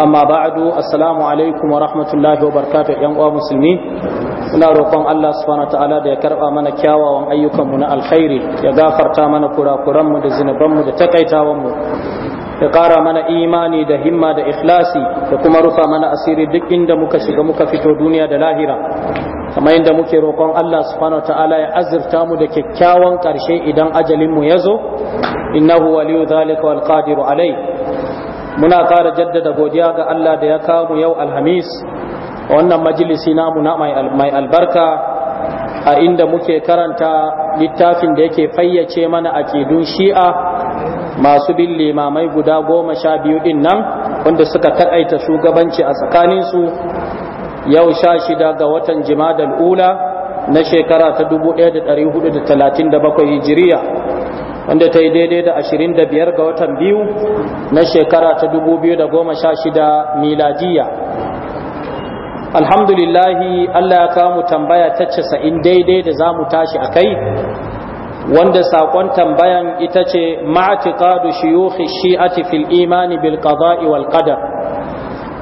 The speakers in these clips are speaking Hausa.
amma ba'adu assalamu alaikum wa rahmatullahi wa barakatuh yan uwa musulmi muna roƙon Allah subhanahu ta'ala da ya karba mana kyawawan ayyukan mu na alkhairi ya gafarta mana kurakuran mu da zinuban mu da takaitawan mu ya ƙara mana imani da himma da ikhlasi da kuma rufa mana asiri duk inda muka shiga muka fito duniya da lahira kamar yadda muke roƙon Allah subhanahu ta'ala ya azurta mu da kyakkyawan ƙarshe idan ajalin mu ya zo innahu waliyu zalika wal qadiru alai muna kara jaddada godiya ga Allah da ya kawo yau alhamis wannan majalisi namu na mai albarka a inda muke karanta littafin da yake fayyace mana a kidun shi'a masu bin limamai guda goma sha biyu ɗin nan wanda suka taƙaita shugabanci a tsakaninsu yau sha shida ga watan jimadal ula na shekara ta 1437 hijiriya wanda ta yi daidai da ashirin da biyar ga watan biyu na shekara ta dubu biyu da goma sha shida miladiya alhamdulillahi Allah ya kamu tambaya ta casa'in daidai da za mu tashi a kai wanda saƙon tambayan ita ce shi a shi'ati fil imani bil qada'i wal qadar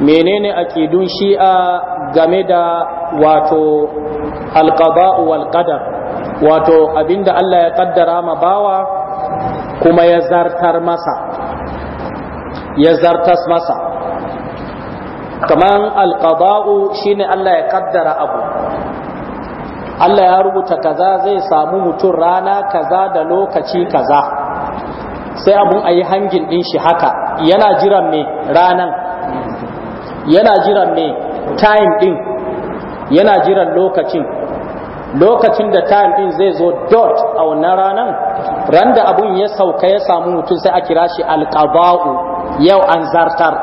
menene akidun shi'a game da wato al qada'u wal qadar wato abinda Allah ya kaddara ma bawa kuma ya zartar masa ya zartas masa kaman alqada'u shine Allah ya kaddara abu Allah ya rubuta kaza zai samu mutum rana kaza da lokaci kaza sai abun ayi hangin ɗin shi haka yana jiran mai ranan yana jiran mai time ɗin, yana jiran lokacin lokacin da time din zai zo dot a wannan ranan ran da abun ya sauka ya samu mutum sai a kira shi alqaba'u yau an zartar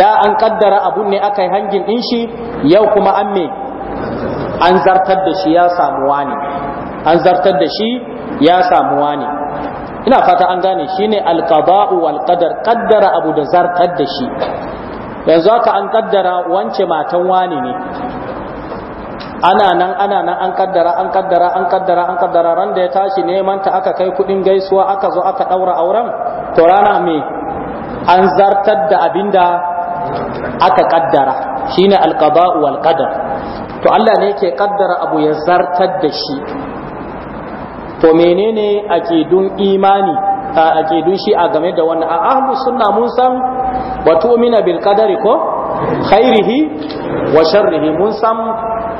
da an kaddara abun ne aka yi hangin din shi yau kuma an me an zartar da shi ya samu wani an zartar da shi ya samu wani ina fata an gane shine alqaba'u wal qadar kaddara abu da zartar da shi yanzu haka an kaddara wance matan wani ne ana nan ana nan an kaddara an kaddara an kaddara an kaddara ran da ya tashi neman ta aka kai kudin gaisuwa aka zo aka daura auren to rana me an zartar da abinda aka kaddara shine alqada'u wal qadar to Allah ne yake kaddara abu ya zartar da shi to menene akidun imani akidun shi a game da wannan a ahlu sunna mun san wa tu'mina bil qadari ko khairihi wa sharrihi mun san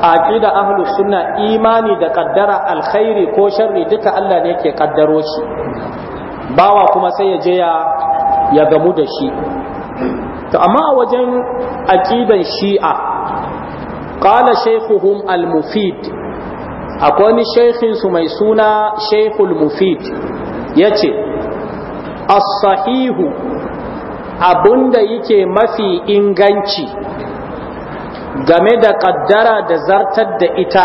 aqida ahlus sunna imani da kaddara alkhairi ko sharri duka Allah ne yake kaddaro shi bawa kuma sai ya je ya ya gamu da shi to amma a wajen aqidan shi'a qala shaykhuhum al-mufid akwai ni shaykhin su mai suna shaykhul mufid yace as-sahihu abunda yake mafi inganci game da kaddara da zartar da ita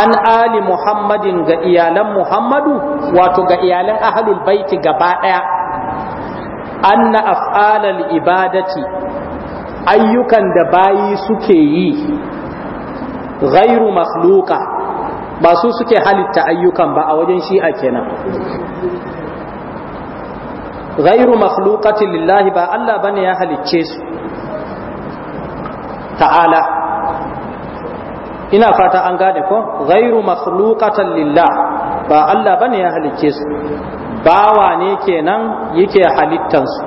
an ali muhammadin ga iyalan muhammadu wato ga iyalan ahalul baiti gaba daya anna af'alal ibadati ayyukan da bayi suke yi ghairu makhluqa ba su suke halitta ayyukan ba a wajen shi'a kenan ghairu makhluqati lillahi ba Allah bane ya halicce su ta'ala ina fata an gane ko ghairu makhluqatan lillah ba Allah bane ya halicce su bawa ne kenan yake halittan su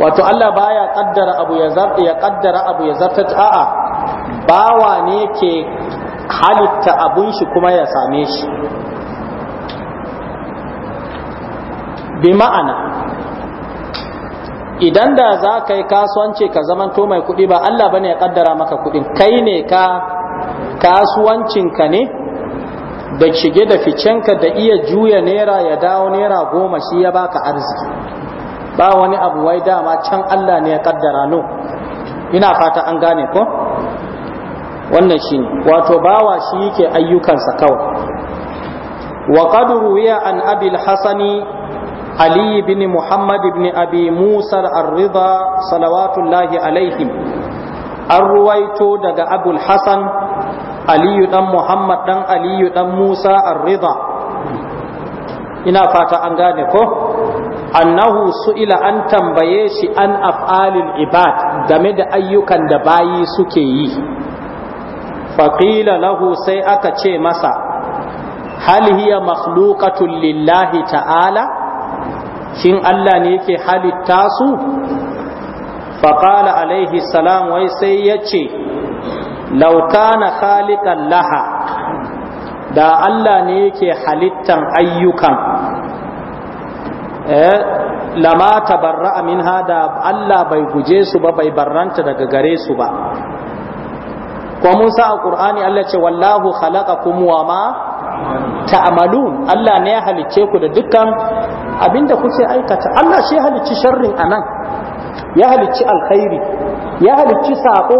wato Allah baya kaddara abu ya zarta ya kaddara abu ya zarta a'a bawa ne ke halitta abun shi kuma ya same shi bi ma'ana idan da za ka yi kasuwanci ka zamanto mai kuɗi ba Allah bane ya kaddara maka kuɗin kai ne ka kasuwancinka ne da shige da ka da iya juya naira ya dawo naira goma shi ya baka arziki ba wani abu wai dama can Allah ne ya kaddara no ina fata an gane ko wannan shi ne, wato bawa shi yake ayyukansa kawai wa qadru ya an abil hasani علي بن محمد بن أبي موسى الرضا صلوات الله عليهم الرويت دق أبو الحسن علي دم محمد دم علي دم موسى الرضا إنا فاتا أنغانيكو annahu su'ila an tambaye shi an af'alil ibad game da ayyukan da bayi suke yi faƙila lahu sai aka ce masa hal hiya makhluqatun lillahi ta'ala shin Allah ne yake halitta su faƙala alaihi salam wai sai yace, ce laukana khaliqan laha da Allah ne yake halittan ayyukan eh, lama tabarra'a min da Allah bai guje su ba bai barranta daga gare su ba ko Musa a Qur'ani Allah ce wallahu khalaqakum wa ma ta'malun Allah ne ya halicce ku da dukkan abinda kuke aikata Allah shi halicci sharrin nan, ya halicci alkhairi ya halicci sako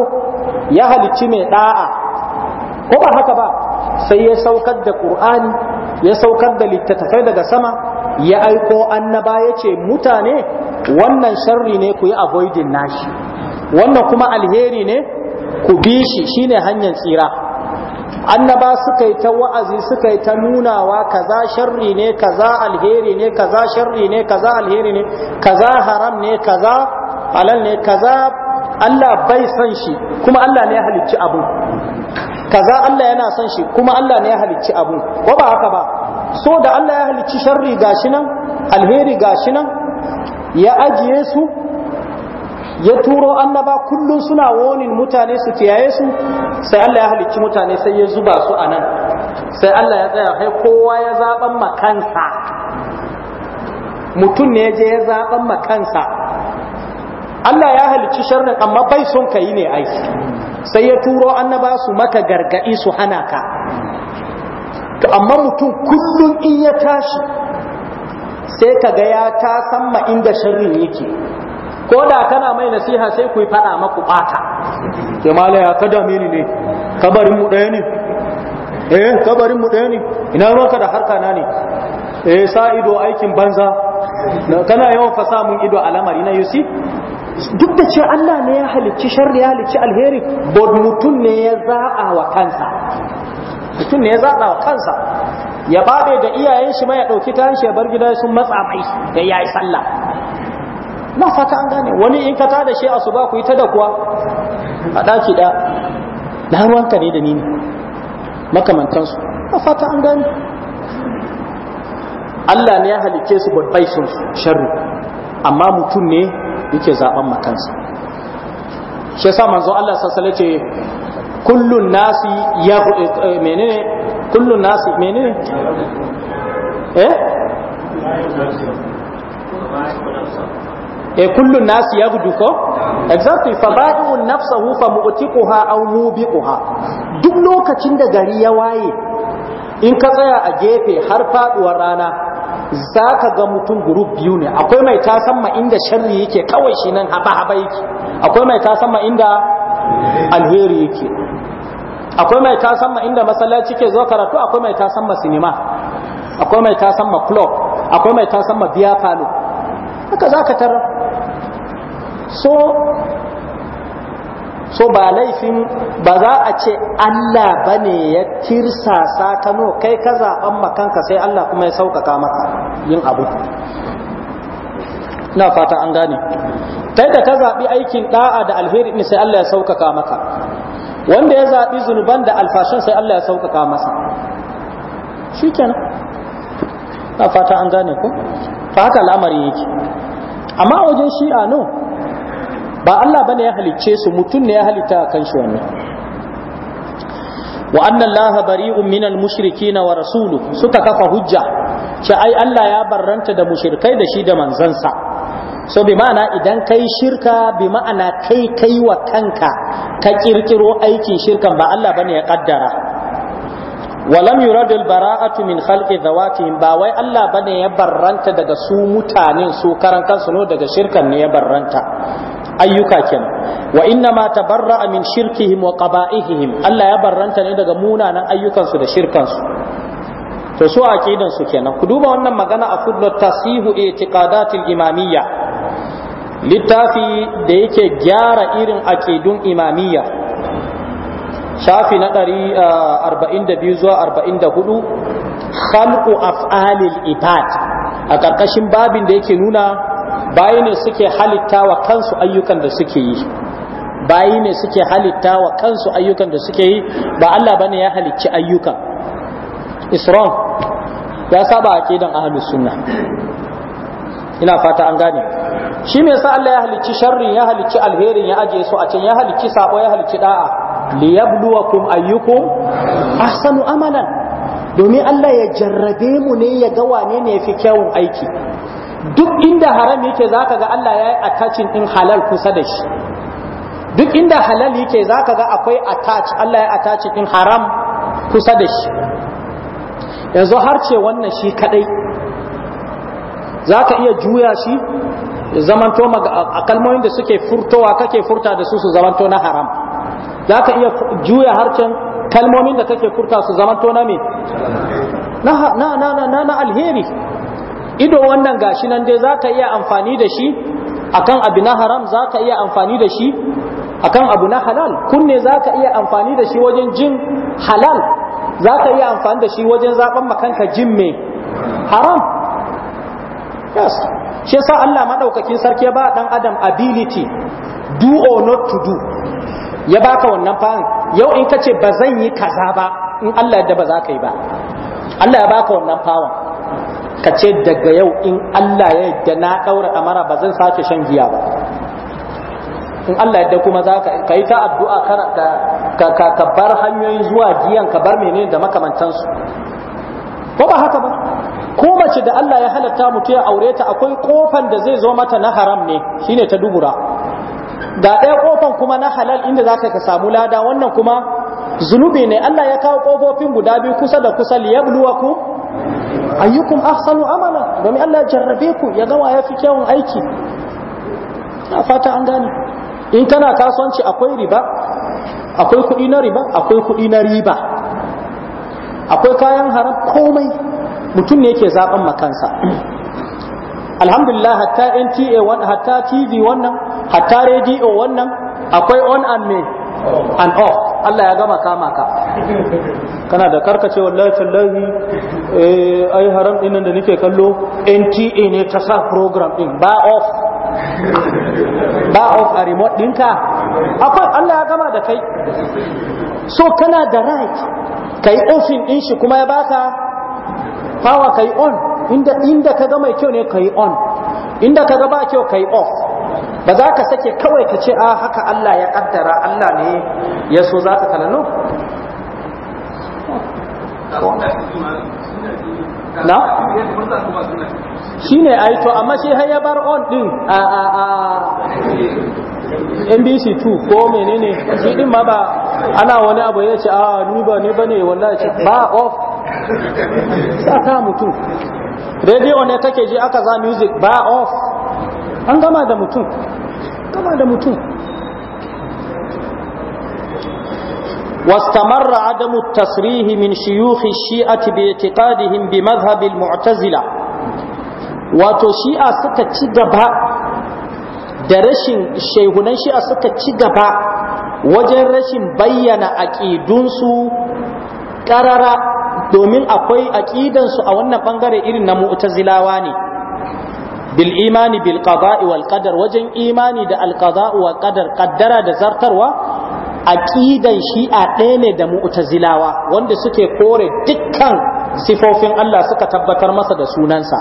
ya halicci mai da'a ko ba haka ba sai ya saukar da qur'ani ya saukar da littattafai daga sama ya aiko annaba ya ce mutane wannan sharri ne ku yi avoiding nashi wannan kuma alheri ne ku bi shi shine hanyar tsira annaba suka yi ta wa'azi suka yi ta nunawa kaza sharri ne kaza alheri ne kaza sharri ne kaza alheri ne kaza haram ne kaza halal ne kaza Allah bai san shi kuma Allah ne ya halicci abu kaza Allah yana son shi kuma Allah ne ya halicci abu Ko ba haka ba so da Allah ya halicci sharri gashi nan alheri gashi nan ya ajiye su ya turo annaba kullum suna wonin mutane su kiyaye su sai Allah ya halicci mutane sai ya zuba su a nan sai Allah ya tsaya kai kowa ya zaɓan makansa mutum ne je ya zaɓan makansa Allah ya halicci sharrin amma bai son ka yi ne ai sai ya turo annaba su maka gargaɗi su hana ka to amma mutum kullum in ya tashi sai ka ga ya ta samma inda sharrin yake ko da kana mai nasiha sai ku yi faɗa maku bata. ke mala ya kada mini ne kabarin mu ɗaya ne eh kabarin mu ɗaya ne ina ruwanka da harka na ne eh sa ido aikin banza kana yawan fasa mun ido a lamari na yusi duk da ce Allah ne ya halicci sharri ya halicci alheri bod mutum ne ya za'a wa kansa mutum ne ya za'a wa kansa ya babe da iyayen shi ma ya ta tashi ya bar gida sun matsa mai ya yi sallah na fata an gane wani in ka tada shi a su ba ku yi ta da kuwa a ɗaki ɗa na ruwanka ne da ni makamantansu na fata an gane Allah ne ya halicce su babbai sun sharri amma mutum ne yake zaben makansa shi yasa manzo Allah sassale ce kullun nasi ya eh, eh, menene kullun nasi menene eh E kullun nasu gudu ko exactly fa ba'u nafsahu fa mu'tiquha aw mubiquha duk lokacin da gari ya waye in ka tsaya a gefe har faduwar rana zaka ga mutum group biyu ne akwai mai tasamma inda sharri yake kawai shi nan haba haba yake akwai mai tasamma inda alheri yake akwai mai tasamma inda masallaci ke zo karatu akwai mai tasamma sinima akwai mai tasamma club akwai mai tasamma biya palo haka zaka tarar so so ba laifin ba za a ce Allah bane ya tirsasa ka kai ka zaɓen makanka sai Allah kuma ya sauƙaƙa maka yin abu na fata an gane kai da ka zaɓi aikin ɗa'a da alheri ne sai Allah ya sauƙaƙa maka wanda ya zaɓi zunuban da alfashin sai Allah ya sauƙaƙa masa shi kenan na fata an gane ko ta haka al'amarin yake amma wajen shi'a no ba Allah bane ya halicce su mutum ne ya halitta kan shi wannan wa anna Allah bari'un minal mushrikina wa rasulu suka kafa hujja ce ai Allah ya barranta da mushrikai da shi da manzansa so bi ma'ana idan kai shirka bi ma'ana kai kai wa kanka ka kirkiro aikin shirkan ba Allah bane ya kaddara ولم يرد البراءة من خلق ذواتهم باوي الله بني يبرنت دغ سو متانين سو كران كانسو نو دغ شركان ne ya barranta. ayyuka kenan wa inna ma tabarra'a min shirkihim wa qaba'ihim Allah ya barranta ne daga munanan ayyukansu da shirkansu to su aqidan su kenan ku duba wannan magana a footnote tasihu i'tiqadatil imamiyya littafi da yake gyara irin aqidun imamiyya shafi na 142 ah, zuwa 44 khalqu af'alil ibad a karkashin babin da yake nuna bayi ne suke halitta wa kansu ayyukan da suke yi bayi ne suke halitta wa kansu ayyukan da suke yi ba Allah bane ya halicci ayyukan isron ya saba a aqidan ahlus sunna ina fata an gane shi me yasa Allah ya halicci sharrin ya halicci alherin ya aje su a can ya halicci sabo ya halicci da'a yabluwakum ayyukum ahsanu amalan domin Allah ya jarrabe mu ne ya ga wane ne yafi kyawun aiki duk inda haram yake zaka ga Allah ya yi attaching in halal kusa da shi duk inda halal yake zaka ga akwai attach Allah ya attaching in haram kusa da shi yanzu har ce wannan shi kadai zaka iya juya shi zamanto a kalmomin da suke furtowa kake furta da su su zamanto na haram zaka iya juya harcen kalmomin da kake furta su zamanto na me na na na na alheri ido wannan gashi nan dai zaka iya amfani da shi akan abu na haram zaka iya amfani da shi akan abu na halal kunne zaka iya amfani da shi wajen jin halal zaka iya amfani da shi wajen zaben makanka jin me haram yes shi yasa Allah madaukakin sarki ya ba dan adam ability do or not to do ya baka wannan fa'in yau in kace bazan yi kaza ba in Allah yadda ba za ka yi ba Allah ya baka wannan fa'in ka ce daga yau in Allah ya yadda na ɗaura ɗamara ba zan sake shan giya ba in Allah yadda kuma za ka yi ta addu'a ka bar hanyoyin zuwa giyan ka bar menene da makamantansu ko ba haka ba ko mace da Allah ya halatta mutu ya aure ta akwai kofan da zai zo mata na haram ne shine ta dubura da ɗaya kofan kuma na halal inda za ka samu lada wannan kuma zunubi ne Allah ya kawo kofofin guda biyu kusa da kusa liyabluwakum ayyukum ahsanu amala domin Allah ya jarrabe ku ya gama ya fi kyawun aiki na fata an gane in kana kasuwanci akwai riba akwai kudi na riba akwai kudi na riba akwai kayan haram komai mutum ne yake zaben makansa alhamdulillah hatta nta hatta tv wannan hatta radio wannan akwai on and me and off Allah ya gama kama ka kana da karkace wallahi tallahi eh ai haram din da nake kallo NTA ne ta sa program din ba off ba off a remote dinka akwai Allah ya gama da kai so kana da right kai offin din shi kuma ya baka power kai on inda inda ka ga mai kyau ne kai on inda ka ga ba kyau kai off ba za ka sake kawai ka ce a ah, haka Allah ya kaddara Allah ne ya so za ta talalu na? shi ne a yi to amma shi ya bar on din a a a nbc 2 ko menene shi din ma ba ana wani abu ya ce a ah, ni ba ni ba ne wallahi ba off sa ta mutu radio ne take ji aka za music ba off an gama da mutum gama da mutum واستمر عدم التصريح من شيوخ الشيعة باعتقادهم بمذهب المعتزلة وتشيئة ستتشدبها درشن الشيخون شيئة ستتشدبها وجن رشن بيّن أكيدونس قرر domin akwai aƙidansu a wannan ɓangare irin na mu'tazilawa ne bil imani bil qada'i wal wajen imani da al qada'u wa da zartarwa aqidan shi'a ɗaya ne da mu'tazilawa wanda suke kore dukkan sifofin Allah suka tabbatar masa da sunansa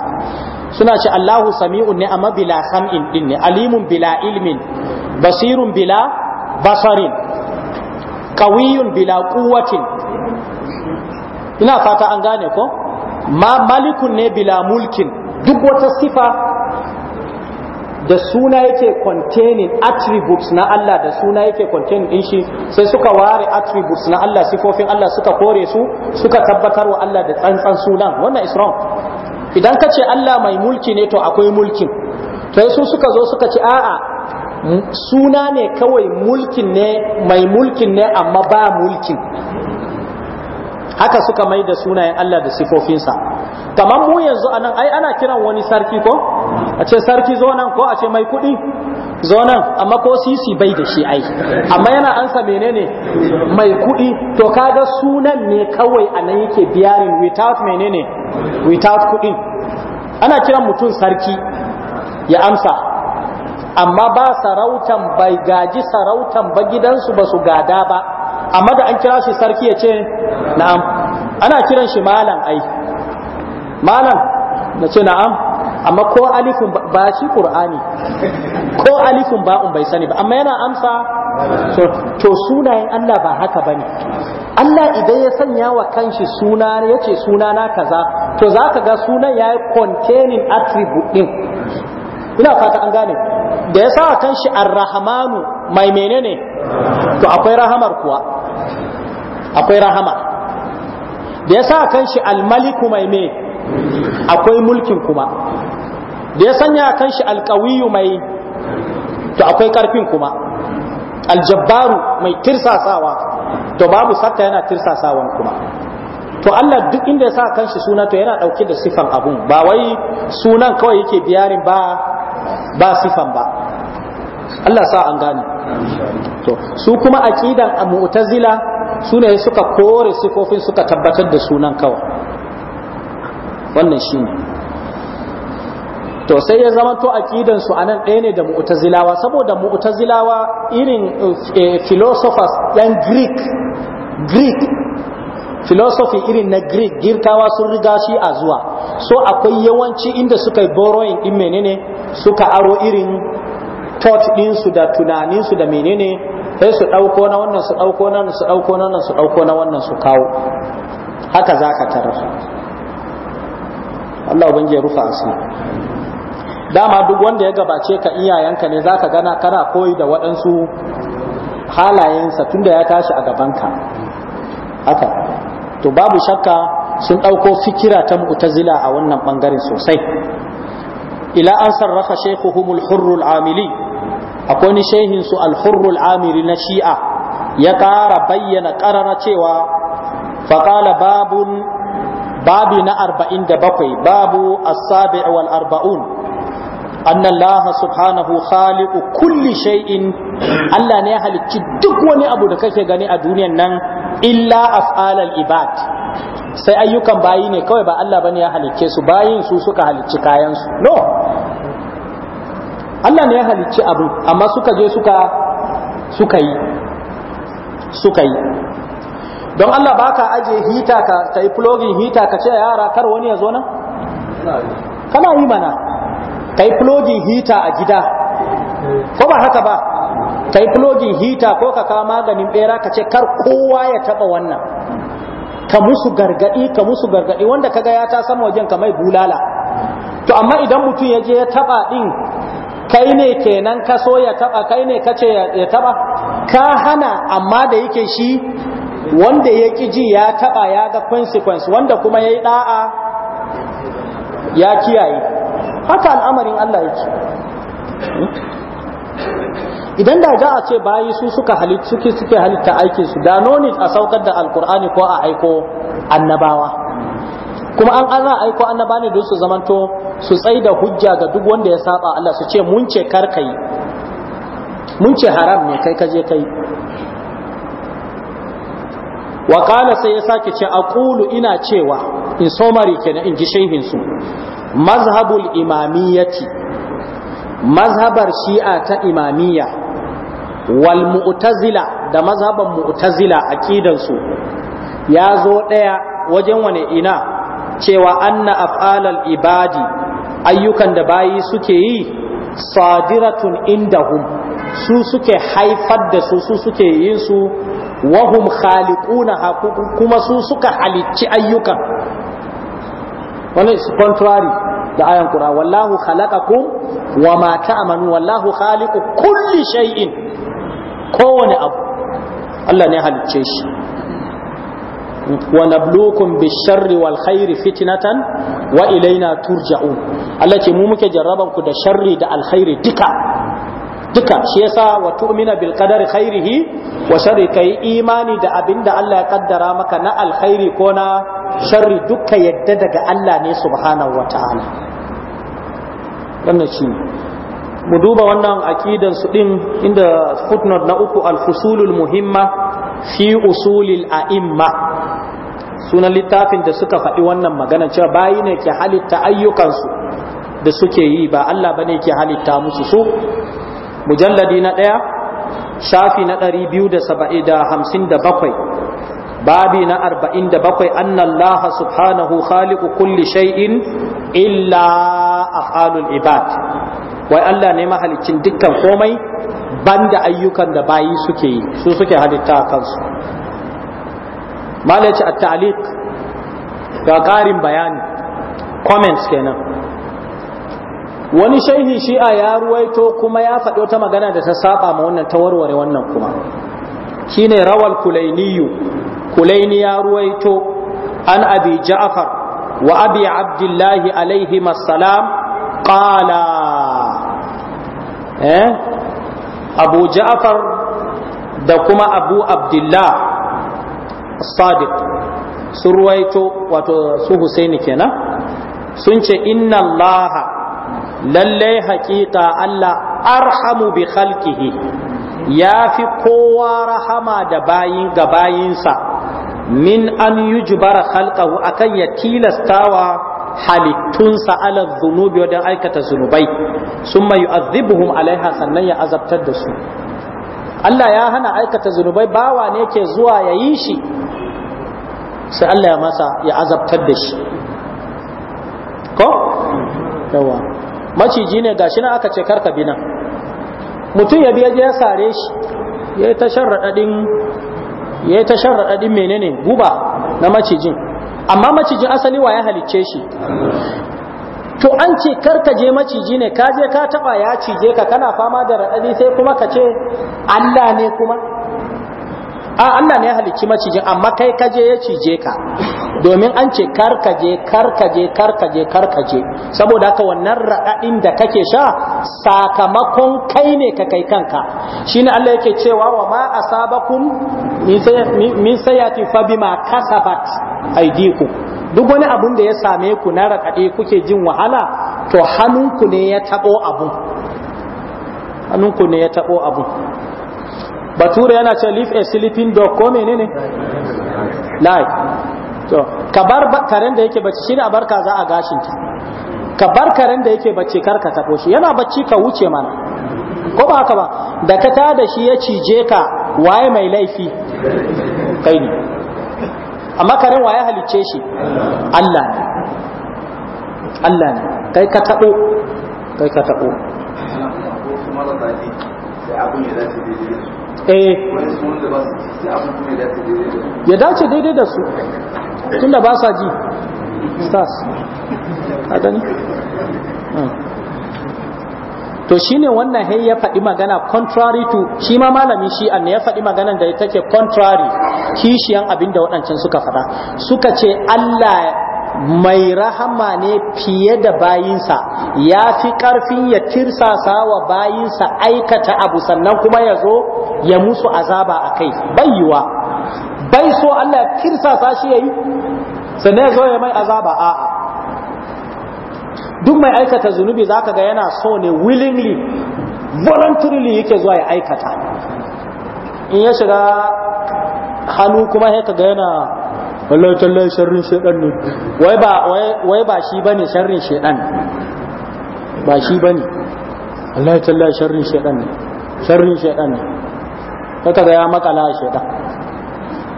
suna ce Allahu sami'un ne amma bila sam'in din ne alimun bila ilmin basirun bila basarin qawiyun bila quwwatin ina fata an gane ko ma malikun ne bila mulkin duk wata sifa da suna yake containing attributes na Allah da suna yake containing din shi sai suka ware attributes na Allah sifofin Allah suka kore su suka tabbatar wa Allah da tsantsan sunan wannan is wrong idan ka ce Allah mai mulki ne to akwai mulkin sai su suka zo suka ce a'a suna ne kawai mulkin ne mai mulkin ne amma ba mulkin haka suka mai da sunayen Allah da sifofinsa kamar mu yanzu anan ai ana kiran wani sarki ko a ce sarki zo nan ko a ce mai kuɗi zo nan amma ko sisi bai da shi ai amma yana ansa menene mai kuɗi to kaga sunan ne kawai a nan yake biyarin without menene without kuɗin ana kiran mutum sarki ya amsa amma ba sarautan bai gaji sarautan ba gidansu ba su gada ba amma da an kira shi sarki ya ce na'am ana kiran shi malam ai malam na ce na'am amma ko alifun ba shi qur'ani ko alifun ba'un bai sani ba amma yana amsa to sunayen Allah ba haka bane Allah idan ya sanya wa kanshi suna yace suna na kaza to zaka ga sunan yayi containing attribute din ina fata an gane da ya sa kanshi ar-rahmanu mai menene to akwai rahamar kuwa akwai rahama da ya sa kanshi al-maliku mai me akwai mulkin kuma da ya sanya kan shi alkawiyu mai to akwai karfin kuma aljabbaru mai tirsasawa to babu sarta yana tirsasawan kuma to Allah duk inda ya sa kan shi suna to yana ɗauke da sifan abun ba wai sunan kawai yake biyarin ba ba sifan ba Allah sa an gane to su kuma aqidan mu'tazila sune suka kore sifofin suka tabbatar da sunan kawai wannan shine to sai ya zama to aqidan su anan ɗaya ne da mu'tazilawa saboda mu'tazilawa irin eh, eh, philosophers yan greek greek philosophy irin na greek girkawa sun riga shi a zuwa so akwai yawanci inda suka yi borrowing din menene suka aro irin thought ɗinsu da tunaninsu da menene sai su ɗauko na wannan su ɗauko na su ɗauko na su ɗauko na wannan su kawo haka za ka tarar Allah ubangiji ya rufa asiri dama duk wanda ya gabace ka iyayenka ne zaka gana kana koyi da waɗansu halayensa tunda ya tashi a gabanka haka to babu shakka sun ɗauko fikira ta mu'tazila a wannan ɓangaren sosai ila an sarrafa shaykhuhum al-hurr amili akwai ni shehin su al-hurr amiri na shi'a ya ƙara bayyana ƙarara cewa faƙala babun babi na 47 babu as-sabi' wal arba'un anna Allah subhanahu khaliqu kulli shay'in Allah ne ya halicci duk wani abu da kake gani a duniyan nan illa af'alal ibad sai ayyukan bayi ne kawai ba Allah bane ya halicce su bayin su suka halicci kayan su no Allah ne ya halicci abu amma suka je suka suka yi suka yi don Allah baka aje hita ka kai plugin hita ka ce yara kar wani ya zo nan kana yi mana kai plogin hita a gida ko ba haka ba kai plogin hita ko ka kawo maganin bera ka ce kar kowa ya taba wannan ka musu gargadi ka musu gargadi wanda kaga ya ta sama wajen ka mai bulala to amma idan mutum ya je ya taba din kai ne kenan ka so ya taba kai ne ka ce ya taba ka hana amma da yake shi wanda ya ji ya taba ya ga consequence wanda kuma ya yi da'a ya kiyaye haka al'amarin Allah yake idan da za a ce bayi su suka halitta suke halitta aikin su da noni a saukar da alkur'ani ko a aiko annabawa kuma an ana aiko annaba ne don su zamanto su tsai da hujja ga duk wanda ya saba Allah su ce mun ce kar kai mun ce haram ne kai kaje kai wa qala sai ya sake ce aqulu ina cewa in somari kenan in ji shehin su mazhabul imamiyyati mazhabar shi'a ta imamiyya wal mu'tazila da mazhaban mu'tazila su ya zo ɗaya wajen wane ina cewa anna af'alal ibadi ayyukan da bayi suke yi sadiratun indahum su suke haifar da su su suke yin su wahum khaliquna kuma su suka halicci ayyukan wani is contrary da ayan kura wallahu khalaqakum wa ma ta'malun wallahu khaliqu kulli shay'in kowane abu Allah ne halicce shi wa nablukum bisharri wal khairi fitnatan wa ilaina turja'un Allah ce mu muke jarraban ku da sharri da alkhairi duka duka shi yasa wa tu'mina bil qadari khairihi wa sharri kai imani da abinda Allah ya kaddara maka na alkhairi ko na sharri duka yadda daga Allah ne subhanahu wataala wannan shi mu duba wannan aqidan su din inda footnote na uku al fusulul muhimma fi usulil a'imma sunan littafin da suka faɗi wannan magana cewa bayi ne ke halitta ayyukansu da suke yi ba Allah bane ke halitta musu su mujalladi na ɗaya shafi na ɗari biyu da saba'i da hamsin da bakwai babi na arba'in da bakwai annallaha subhanahu khaliqu kulli shay'in illa af'alul ibad wai Allah ne mahalicin dukkan komai banda ayyukan da bayi suke yi su suke halitta kansu malaci at-ta'liq ga ƙarin bayani comments kenan wani shaihi shi'a ya ruwaito kuma ya faɗi wata magana da ta saba ma wannan ta warware wannan kuma shine rawal kulainiyu kulaini ya ruwaito an abi ja'far wa abi abdullahi alaihi masalam qala eh abu ja'far da kuma abu abdullah sadiq sun ruwaito wato su husaini kenan sun ce inna allaha lallai haƙiƙa Allah arhamu bi khalqihi ya fi kowa rahama da bayin ga bayinsa min an yujbara khalqahu akan ya tilastawa halittunsa ala zunubi wajen aikata zunubai sun mai alaiha sannan ya azabtar da su Allah ya hana aikata zunubai bawa ne ke zuwa ya yi shi sai Allah ya masa ya azabtar da shi ko yawa maciji ne gashi nan aka ce karka bina nan mutum ya biya ya sare shi ya yi ta sharraɗaɗin ya ta menene guba na macijin amma macijin asali wa ya halicce shi to an ce karka je maciji ne ka je ka taɓa ya cije ka kana fama da raɗaɗi sai kuma ka ce Allah ne kuma a Allah ne ya halicci macijin amma kai kaje ya cije ka domin an ce karkaje karkaje karkaje karkaje saboda haka wannan raɗaɗin da kake sha sakamakon kai ne ka kai kanka shine Allah yake cewa wa ma asabakum min sayati fa bima kasabat aidiku duk wani abun da ya same ku na raɗaɗe kuke jin wahala to hannunku ne ya tabo abun hannunku ne ya tabo abun bature yana ce leave a sleeping dog ko ne life to ka bar karen da yake bacci shine a barka za a gashin ta ka bar karen da yake bacci kar ka tabo shi yana bacci ka wuce mana ko ba haka ba da ka tada shi ya cije ka waye mai laifi kai ne amma karen waye halicce shi Allah ne Allah ne kai ka tabo kai ka tabo sai abun ya eh ya dace daidai da su tunda ba sa ji stars a gani hmm. to shi ne wannan hai ya faɗi magana contrary to shi ma malami shi ne ya faɗi magana da take contrary kishiyan abin da waɗancan suka faɗa suka ce Allah mai rahama ne fiye da bayinsa ya fi ƙarfin ya tirsasa wa bayinsa aikata abu sannan kuma ya zo ya musu azaba a kai bayiwa bai so Allah ya kirsa shi ya yi sannan ya zo ya mai azaba a'a duk mai aikata zunubi zaka ga yana so ne willingly voluntarily yake zuwa ya aikata in ya shiga hannu kuma ya ga yana wallahi tallahi sharrin shedan ne wai ba wai ba shi bane sharrin shedan ba shi bane wallahi tallahi sharrin shedan ne sharrin shedan ne sai kaga ya makala shaidan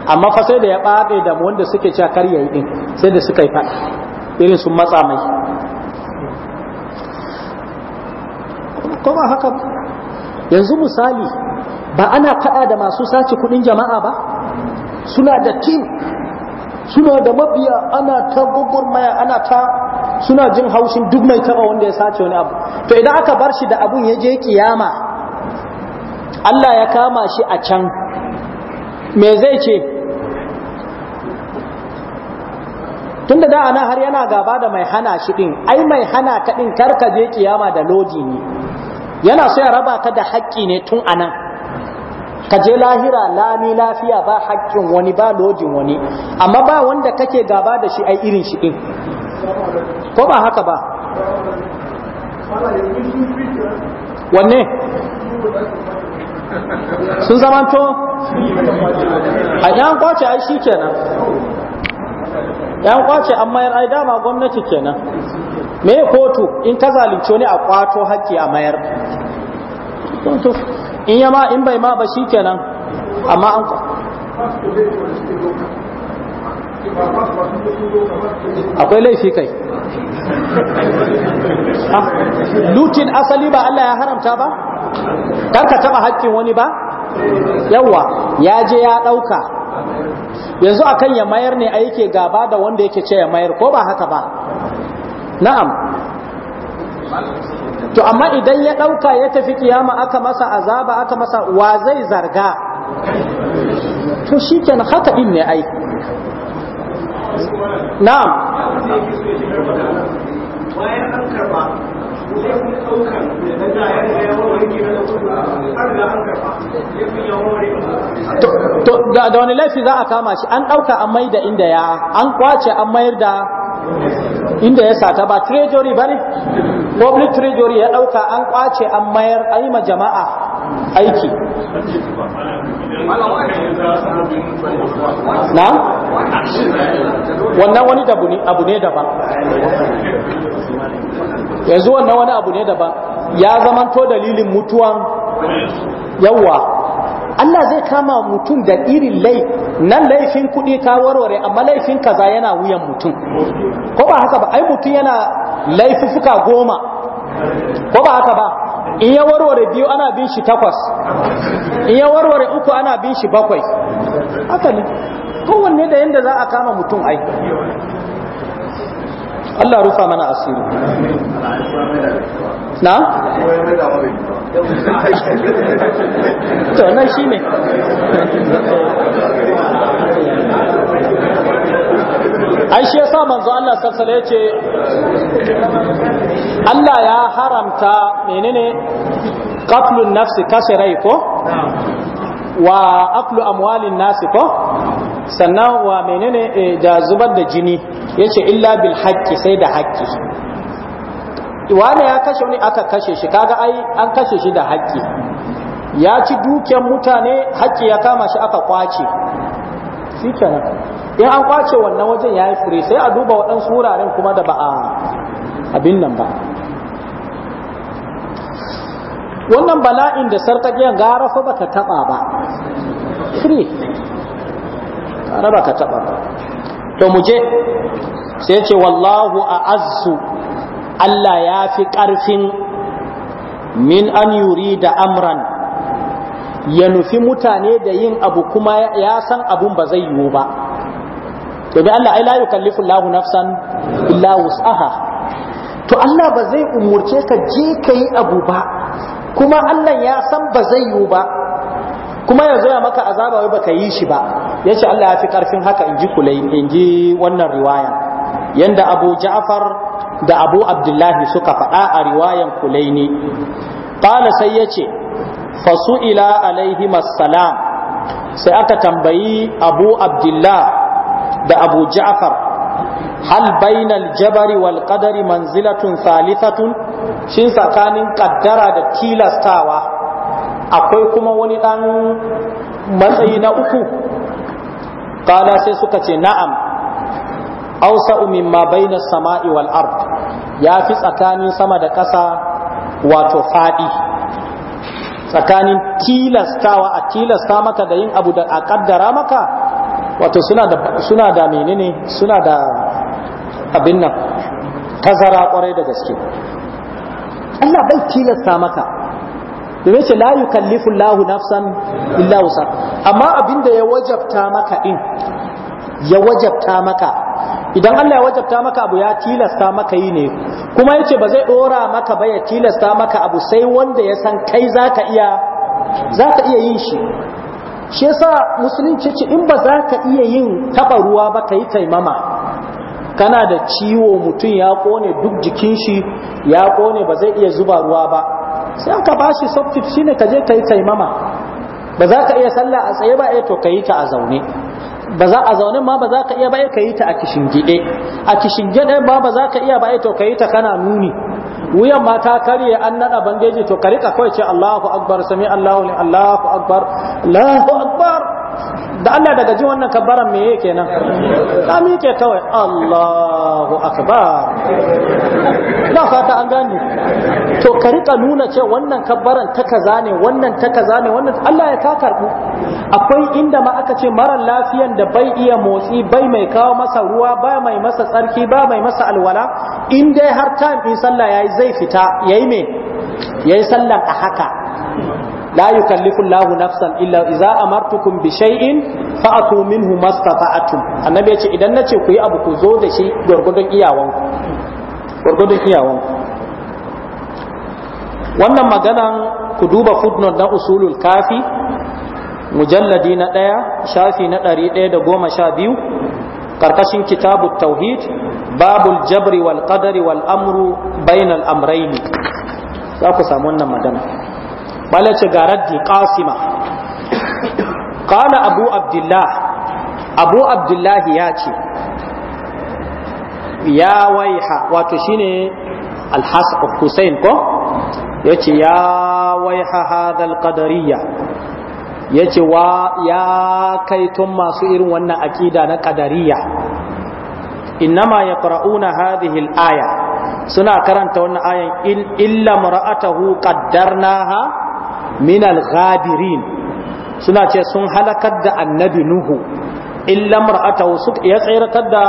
amma fa sai da ya babe da wanda suke cewa kar yayi din sai da suka yi fada irin sun matsa mai kuma haka yanzu misali ba ana faɗa da masu sace kudin jama'a ba suna da team suna da mabiya ana ta gugurmaya ana ta suna jin haushin duk mai taba wanda ya sace wani abu to idan aka bar shi da abun ya je kiyama Allah ya kama shi a can me zai ce Tunda da ana har yana gaba da mai hana shi ɗin ai mai hana ka ɗin karka je kiyama da loji ne yana so ya raba ka da haƙƙi ne tun anan ka je lahira lami lafiya ba haƙƙin wani ba lojin wani amma ba wanda kake gaba da shi ai irin shi ɗin ko ba haka ba wanne sun zamanto a yan kwace ai shi kenan yan kwace amma mayar ai dama gwamnati kenan me kotu in ta zalunce ne a kwato haƙƙi a mayar in yama in bai ma ba shi kenan amma an akwai laifi kai ah, lutin asali ba Allah ya haramta ba kar ka taba haƙƙin wani ba yawa ya je ya ɗauka yanzu akan ya mayar ne a yake gaba da wanda yake ce ya mayar ko ba haka ba na'am to amma idan ya ɗauka ya tafi kiyama aka masa azaba aka masa wa zai zarga to shi kenan haka in ne ai na'am da to da wani laifi za a kama shi an ɗauka an mai da inda ya an kwace an mayar da inda ya sata ba treasury ba ne public treasury ya ɗauka an kwace an mayar an yi ma jama'a aiki na wannan wani abu ne daban yanzu wannan wani abu ne daban ya zamanto dalilin mutuwan yawwa Allah zai kama mutum da irin lai nan laifin kuɗi ka warware amma laifin kaza yana wuyan mutum ko ba haka ba ai mutum yana laifuka goma ko ba haka ba in ya warware biyu ana bin shi takwas in ya warware uku ana bin shi bakwai haka ne kowanne da yadda za a kama mutum ai Allah rufa mana asiri na? to nan shi ne ai shi yasa manzo Allah sallallahu alaihi ce Allah ya haramta menene qatlun nafsi kasirai ko wa aklu amwalin nasi ko sannan wa menene e, da zubar da jini yace illa bil haqqi sai da haqqi wane ya kashe wani aka kashe shi kaga ai an kashe shi da haqqi ya ci dukiyar mutane haqqi ya kama shi aka kwace shi kenan in an kwace wannan wajen ya yi fure sai a duba waɗansu wuraren kuma da ba a abin nan ba wannan bala'in da sarkakiyan gara fa ka taɓa ba fure gara ka taɓa ba to mu je sai ce wallahu a azu Allah ya fi ƙarfin min an yuri da amran ya nufi mutane da yin abu kuma ya san abun ba zai yiwu ba to da Allah ai la yukallifu Allah nafsan illa wus'aha to Allah ba zai umurce ka je kai abu ba kuma Allah ya san ba zai yiwu ba kuma ya zo ya maka azaba wai baka yi shi ba yace Allah ya fi karfin haka inji kulai inji wannan riwaya yanda Abu Ja'far da Abu Abdullahi suka faɗa a riwayan Kulaini qala sai yace fasu'ila alaihi salam sai aka tambayi Abu Abdullah da abu ja'far hal bainal jabari wal qadari manzilatun salifatun shin tsakanin kaddara da tilastawa akwai kuma wani dan matsayi na uku kala sai suka ce na'am ausa mimma bainas sama'i wal ard ya fi tsakanin sama da ƙasa wato fadi. tsakanin tilastawa a tilasta maka da yin abu da a ƙaddara maka wato suna da suna da menene suna da abin nan tazara kwarai da gaske Allah bai tilasta maka domin ce la yukallifu Allahu nafsan illa wusa amma abin da ya wajabta maka din ya wajabta maka idan Allah ya wajabta maka abu ya tilasta maka yi ne kuma yace ba zai dora maka ba ya tilasta maka abu sai wanda ya san kai zaka iya zaka iya yin shi shi yasa musulunci ce in ba za ka iya yin taba ruwa ba ka yi taimama kana da ciwo mutum ya kone duk jikin shi ya kone ba zai iya zuba ruwa ba sai an aka bashi shi shine ka je ka yi taimama ba za ka iya sallah a tsaye ba ya eh to ka yi ta a zaune ba za a zaune ma ba za ka iya ba ya eh ka yi ta a kishin gide a kishin gide ba ba za ka iya ba ya eh to ka yi ta kana nuni wuyan ma ta karye an nada bandeji to ka rika kawai ce Allahu akbar sami Allahu li Allahu akbar Allahu da Allah daga ji wannan kabbaran me yake nan ka miƙe kawai Allahu akbar na fata an gane to ka rika nuna ce wannan kabbaran ta kaza ne wannan ta kaza ne wannan Allah ya ka karbu akwai inda ma aka ce mara lafiyan da bai iya motsi bai mai kawo masa ruwa ba mai masa tsarki ba mai masa alwala in dai har time in sallah yayi zai fita yayi me yayi sallan a haka la yukallifu Allahu nafsan illa idza amartukum bi shay'in fa'atu minhu mastata'tum annabi yace idan nace ku yi abu ku zo da shi gurgudun iyawan gurgudun iyawan wannan maganan ku duba footnote na usulul kafi mujalladi na ɗaya shafi na ɗari ɗaya da goma sha biyu karkashin kitabu tauhid babul jabri wal qadari wal amru bainal amraini za ku samu wannan magana Balace ga raddi Kasima qala abu Abdullahi abu ya ce ya waiha wato shine al-hasan husain ko yace ya waiha hadal qadariyya yace wa ya kai tun masu irin wannan akida na qadariyya innama yaqra'una fara'una al-aya suna karanta wannan ayan in illa mar'atahu qaddarnaha minal ghabirin suna ce sun halakar da annabi nuhu illa mar'atahu ya tsayarkar da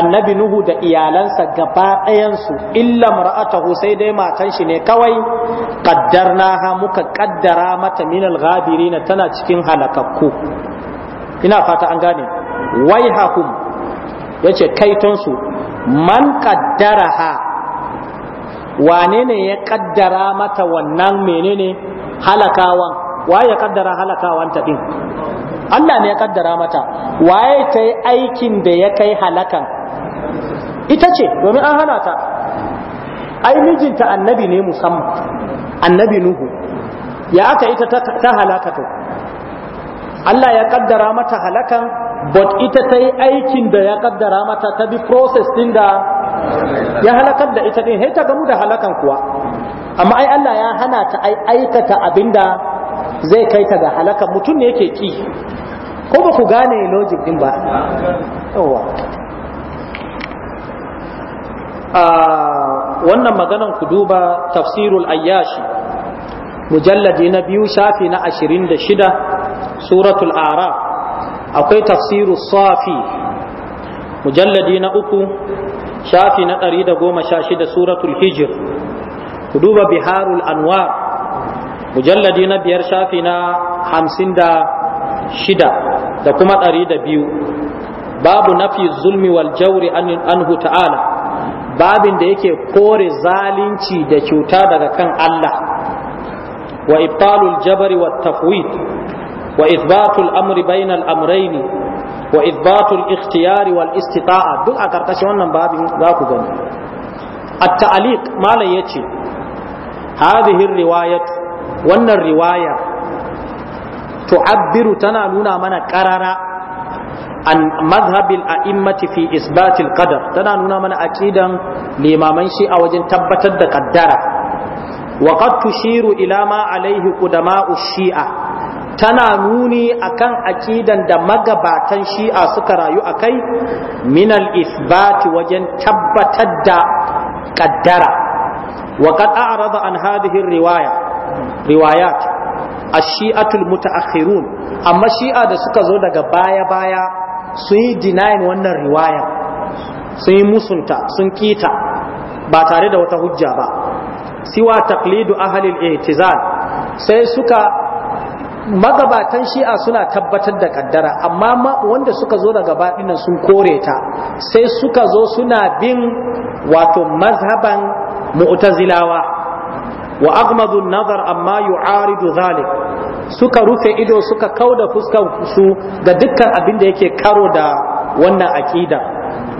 annabi nuhu da iyalansa gaba ɗayansu illa mar'atahu sai dai matan shi ne kawai ha muka kaddara mata minal ghabirin tana cikin halakakku ina fata an gane waihahum yace kaitonsu man ha, wane ne ya kaddara mata wannan menene halakawan waye ya kaddara halakawan ta din Allah ne ya kaddara mata waye ta yi aikin da ya kai halakan ita ce domin an hana ta ai mijinta annabi ne musamman annabi nuhu ya aka ita ta halaka to Allah ya kaddara mata halakan but ita ta yi aikin da ya kaddara mata ta bi process din da ya halakar da ita din ta gamu da halakan kuwa amma ai Allah ya hana ta ai aikata abinda zai kai ta ga halaka mutum ne yake ki ko ba ku gane logic din ba a ah, wannan maganan ku duba tafsirul ayyashi mujalladi na biyu shafi na shida, suratul araf akwai tafsiru safi mujalladi na uku shafi na sha-shida, suratul Hijir. ku duba biharul anwar mujalladi na biyar shafi na hamsin da shida da kuma ɗari da biyu babu nafi zulmi wal jauri anhu ta'ala babin da yake kore zalunci da cuta daga kan Allah wa ibtalul jabari wa tafwid wa ithbatul amri bainal amraini wa ithbatul ikhtiyari wal istita'a duk a karkashin wannan babin za ku gani at-ta'liq malam yace hadhihi riwayat wannan riwaya tu'abbiru tana nuna mana ƙarara an madhhabil a'immati fi isbatil ƙadar, tana nuna mana aƙidan limaman shi'a wajen tabbatar da ƙaddara, wa qad tushiru ila ma alaihi qudama'u shi'a tana nuni akan aƙidan da magabatan shi'a suka rayu a kai minal isbati wajen tabbatar da ƙaddara. wa qad a'rada an hadhihi riwaya riwayat ash-shi'atul muta'akhirun amma shi'a da suka zo daga baya baya sun yi denying wannan riwaya sun yi musunta sun ƙita. ba tare da wata hujja ba siwa taqlidu ahli al-i'tizal sai magabatan shi'a suna tabbatar da kaddara amma wanda suka zo daga baɗinan sun kore ta sai suka zo suna bin wato mazhaban mu'tazilawa wa aghmadu nazar amma yu'aridu zalik suka rufe ido suka kauda fuskan su ga dukkan abin da yake karo da wannan aqida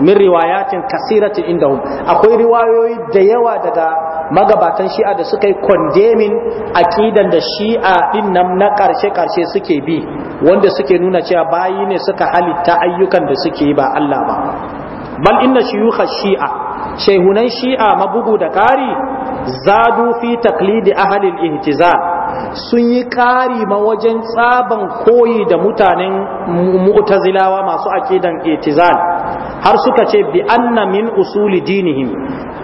min riwayatin kasiratin indahum akwai riwayoyi da yawa daga magabatan shi'a da suka yi kwandemin aqidan da shi'a din nan na karshe karshe suke bi wanda suke nuna cewa bayi ne suka halitta ayyukan da suke yi ba Allah ba bal inna shuyukha shi'a shehunan shi'a mabugu da ƙari zadu fi taklidi ahalil ihtiza sun yi ƙari ma wajen tsaban koyi da mutanen mu'tazilawa masu aqidan ihtizal har suka ce bi anna min usuli dinihim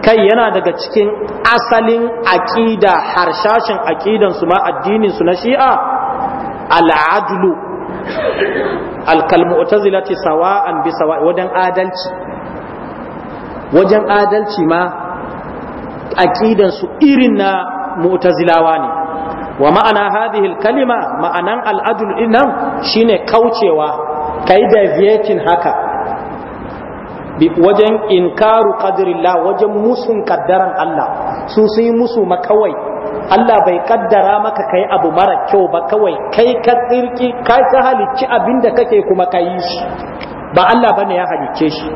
kai yana daga cikin asalin aqida harshashin aqidan su ma addinin su na shi'a al-adlu al mu'tazilati sawa'an bi sawa' wajen adalci wajen adalci ma aqidansu irin na mu'tazilawa ne wa ma'ana hadhihi kalima ma'anan al'adul inan shine kaucewa kai deviating haka wajen inkaru qadrillah wajen musun kaddaran Allah su sun yi musu makawai Allah bai kaddara maka kai abu mara kyau ba kawai kai ka tsirki kai ka halicci abinda kake kuma ka yi shi ba Allah bane ya halicce shi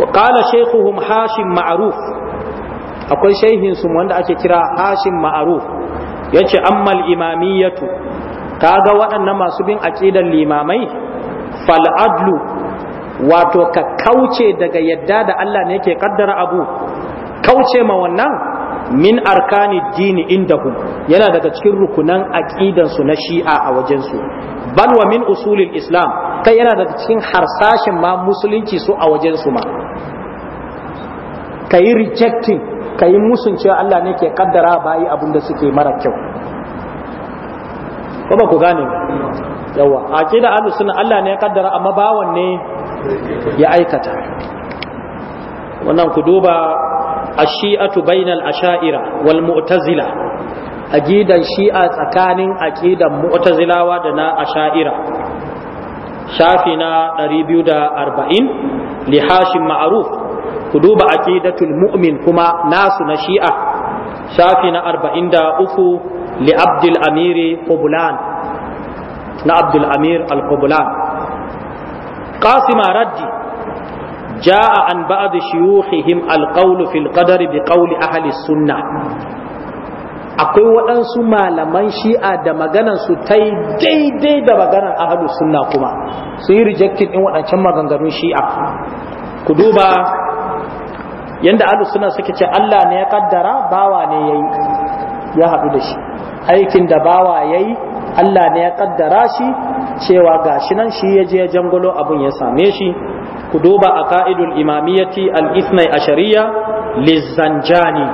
wa qala shaykhuhum hashim ma'aruf, akwai shehin su wanda ake kira hashim ma'aruf, yace ammal imamiyatu ga waɗannan masu bin aƙidar limamai fal adlu wato ka kauce daga yadda da Allah ne yake kaddara abu kauce ma wannan min arkani dini indahum yana daga cikin rukunan aqidansu na shi'a a wajensu bal wa min usulil islam kai yana daga cikin harsashin ma musulunci su a wajensu ma kayi rejecting kai musunci Allah ne ke kaddara bayi abinda suke mara kyau ko ba ku gane yawa aqida ahlus sunna Allah ne ya kaddara amma bawan ne ya aikata wannan ku duba A ashi'atu bainal asha'ira wal mu'tazila aqidan shi'a tsakanin aqidan mu'tazilawa da na asha'ira shafi na 240 li hashim ma'ruf ku duba aqidatul mu'min kuma nasu na shi'a shafi na 43 li abdul amiri qubulan na abdul amir al-qubulan qasima raddi جاء عن بعض شيوخهم القول في القدر بقول أهل السنة akwai waɗansu malaman shi'a da maganan su ta yi daidai da maganan ahalu sunna kuma su yi rejectin ɗin waɗancan maganganun shi'a ku duba yadda ahalu sunna suke ce Allah ne ya kaddara bawa ne ya yi ya haɗu da shi aikin da bawa ya yi Allah ne ya ƙaddara shi cewa gashi nan shi ya je ya jangolo abun ya same shi ku duba a ka'idul imamiyyati al-ithnai ashariya lizanjani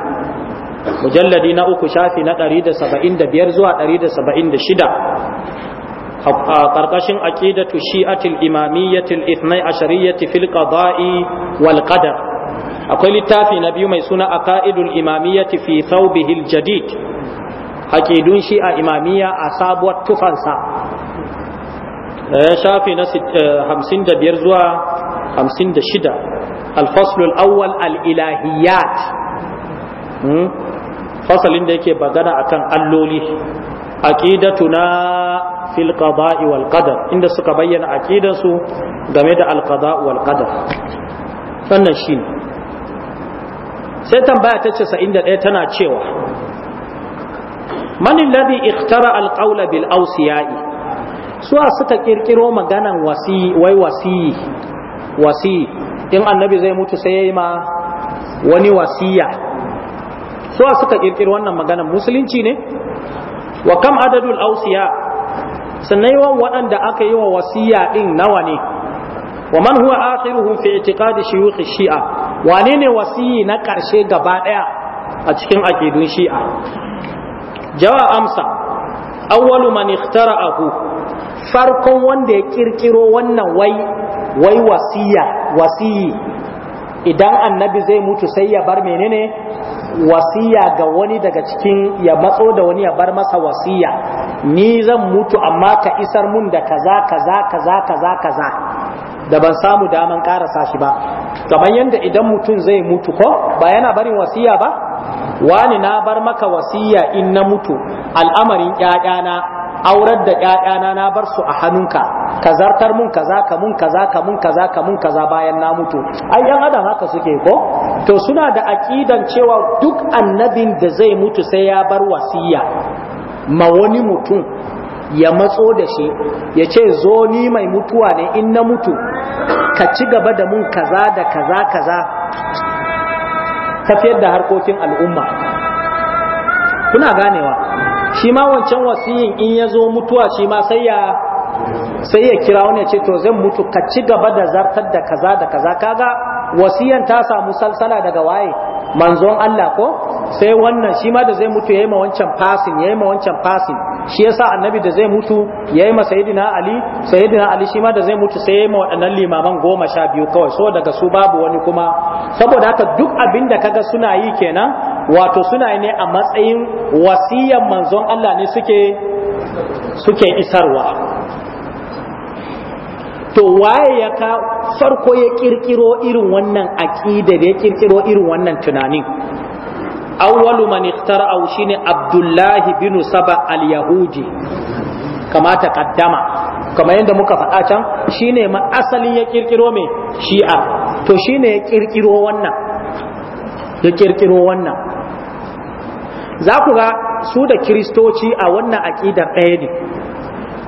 mujalladi na uku shafi na 175 zuwa 176 ƙarƙashin aƙidatu shi'atul imamiyyatul ithnai ashariyati fil qada'i wal qadar akwai littafi na biyu mai suna aqaidul imamiyyati fi thawbihi aljadid aqidun shi a imamiyya a sabuwar tufansa eh, shafi na 55 eh, zuwa 56 alfaslu alawwal alilahiyat hmm? fasalin da yake bagana akan alloli aqidatuna na qada'i wal inda suka bayyana aqidansu game da al qada' sannan shine sai tambaya ta ɗaya tana cewa manin alladhi ikhtara alqawla bil awsiyai suwa suka kirkiro maganan wasi wai wasi wasi in annabi zai mutu sai yi ma wani wasiya suwa suka kirkiro wannan maganan musulunci ne wa kam adadul ausiya sannan yawan waɗanda aka yi wa wasiya ɗin nawa ne wa man huwa akhiruhum fi i'tiqadi shuyukh shi'a wane ne wasiyi na karshe gaba daya a cikin akidun shi'a jawa amsa awwalu man ikhtara'ahu farkon wanda ya kirkiro wannan wai wai wasiya wasiyi idan annabi zai mutu sai ya bar menene wasiya ga wani daga cikin ya matso da wani ya bar masa wasiya ni zan mutu amma ka isar mun da kaza kaza kaza kaza kaza da ban samu daman karasa shi ba kamar yadda idan mutum zai mutu ko ba yana barin wasiya ba wani na bar maka wasiya in na mutu al'amarin ƴaƴana aurar da ƴaƴana na bar su a hannunka ka zartar mun kaza ka mun kaza ka mun kaza ka mun kaza bayan na mutu ai yan adam haka suke ko to suna da aqidan cewa duk annabin da zai mutu sai ya bar wasiya ma wani mutum ya matso da shi ya ce zo ni mai mutuwa ne in na mutu ka ci gaba da mun kaza da kaza kaza tafiyar da harkokin al'umma kuna ganewa shi ma wancan wasiyin in ya zo mutuwa shi ma sai ya sai ya kira wani ya ce to zan mutu ka ci gaba da zartar da kaza da kaza kaga wasiyan ta samu salsala daga waye manzon Allah ko sai wannan shi ma da zai mutu ya yi ma wancan fasin ya yi ma wancan fasin shi yasa annabi da zai mutu yayi ma sayyidina ali sayyidina ali shi ma da zai mutu sai yayi ma wadannan limaman goma sha biyu kawai so daga su babu wani kuma saboda haka duk abin da kaga suna yi kenan wato suna ne a matsayin wasiyan manzon Allah ne suke suke isarwa to waye ya ka farko ya kirkiro irin wannan aqida da ya kirkiro irin wannan tunanin awwalu man ikhtara'u shine abdullahi bin saba al-yahudi kama taqaddama kama yadda muka faɗa can shine ma asalin ya kirkiro me shi'a to shine ya kirkiro wannan ya kirkiro wannan za ku ga su da kiristoci a wannan aƙidar ɗaya ne